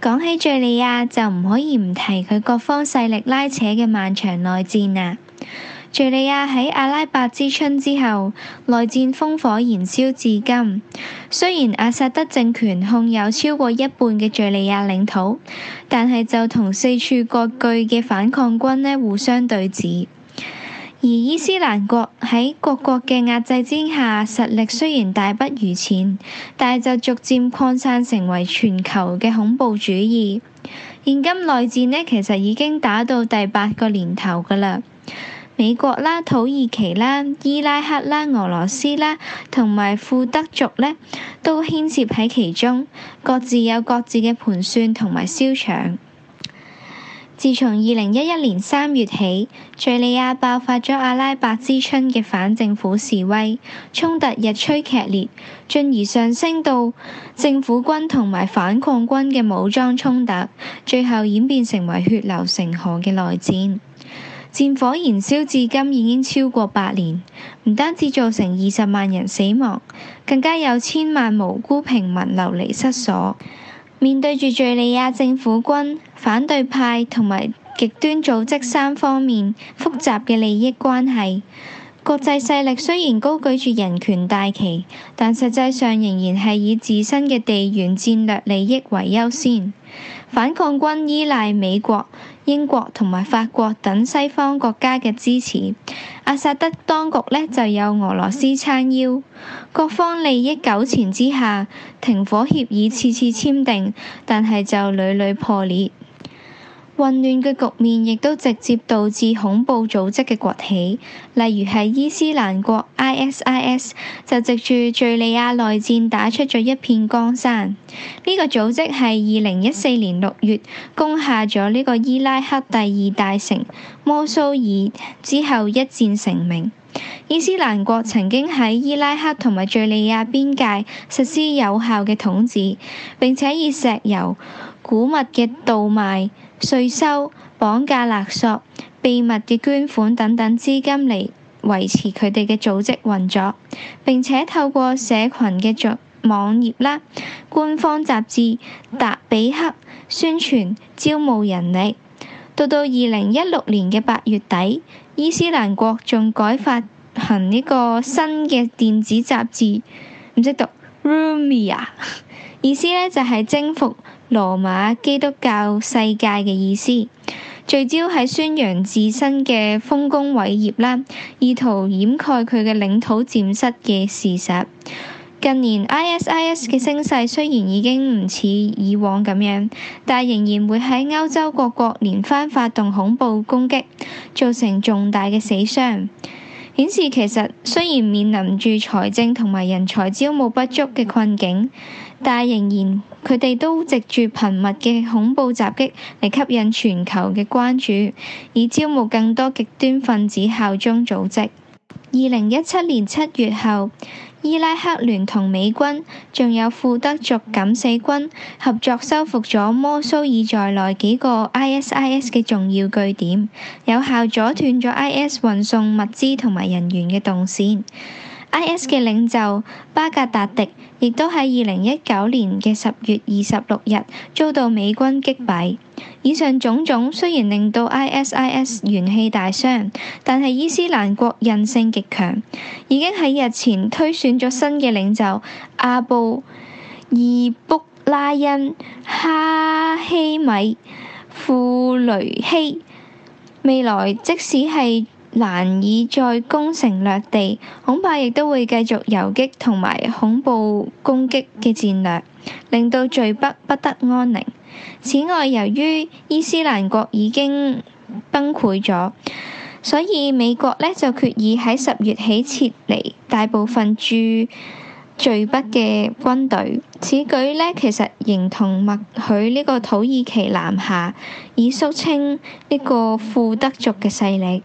講起敍利亞，就唔可以唔提佢各方勢力拉扯嘅漫長內戰啊！敍利亞喺阿拉伯之春之後，內戰烽火燃燒至今。雖然阿薩德政權控有超過一半嘅敍利亞領土，但係就同四處各據嘅反抗軍呢互相對峙。而伊斯蘭國喺各國嘅壓制之下，實力雖然大不如前，但係就逐漸擴散成為全球嘅恐怖主義。現今內戰呢，其實已經打到第八個年頭噶啦。美國啦、土耳其啦、伊拉克啦、俄羅斯啦，同埋庫德族呢，都牽涉喺其中，各自有各自嘅盤算同埋消長。自從二零一一年三月起，敘利亞爆發咗阿拉伯之春嘅反政府示威，衝突日趨劇烈，進而上升到政府軍同埋反抗軍嘅武裝衝突，最後演變成為血流成河嘅內戰。戰火燃燒至今已經超過八年，唔單止造成二十萬人死亡，更加有千萬無辜平民流離失所。面對住敘利亞政府軍、反對派同埋極端組織三方面複雜嘅利益關係，國際勢力雖然高舉住人權大旗，但實際上仍然係以自身嘅地緣戰略利益為優先。反抗軍依賴美國、英國同埋法國等西方國家嘅支持，阿薩德當局呢就有俄羅斯撐腰，各方利益糾纏之下，停火協議次次簽訂，但係就屢屢破裂。混亂嘅局面亦都直接導致恐怖組織嘅崛起，例如係伊斯蘭國 （ISIS） 就藉住敘利亞內戰打出咗一片江山。呢個組織係二零一四年六月攻下咗呢個伊拉克第二大城摩蘇爾，之後一戰成名。伊斯蘭國曾經喺伊拉克同埋敘利亞邊界實施有效嘅統治，並且以石油、古物嘅倒賣、稅收、綁架勒索、秘密嘅捐款等等資金嚟維持佢哋嘅組織運作，並且透過社群嘅著網頁啦、官方雜誌《達比克》宣傳、招募人力。到到二零一六年嘅八月底，伊斯蘭國仲改發行呢個新嘅電子雜誌，唔識讀 Rumiyah， 意思呢就係征服羅馬基督教世界嘅意思。聚焦係宣揚自身嘅豐功偉業啦，意圖掩蓋佢嘅領土佔失嘅事實。近年 ISIS 嘅聲勢雖然已經唔似以往咁樣，但仍然會喺歐洲各國連番發動恐怖攻擊，造成重大嘅死傷。顯示其實雖然面臨住財政同埋人才招募不足嘅困境，但仍然佢哋都藉住頻密嘅恐怖襲擊嚟吸引全球嘅關注，以招募更多極端分子效忠組織。二零一七年七月後，伊拉克聯同美軍，仲有庫德族敢死軍合作收復咗摩蘇爾在內幾個 ISIS 嘅重要據點，有效阻斷咗 IS 運送物資同埋人員嘅動線。IS 嘅領袖巴格達迪，亦都喺二零一九年嘅十月二十六日遭到美軍擊斃。以上種種雖然令到 ISIS 元氣大傷，但係伊斯蘭國韌性極強。已經喺日前推選咗新嘅領袖阿布易卜拉欣、哈希米庫雷希。未來即使係難以再攻城略地，恐怕亦都會繼續遊擊同埋恐怖攻擊嘅戰略，令到敘北不得安寧。此外，由於伊斯蘭國已經崩潰咗。所以美國呢就決意喺十月起撤離大部分駐敘北嘅軍隊。此舉呢其實形同默許呢個土耳其南下，以肅清呢個庫德族嘅勢力。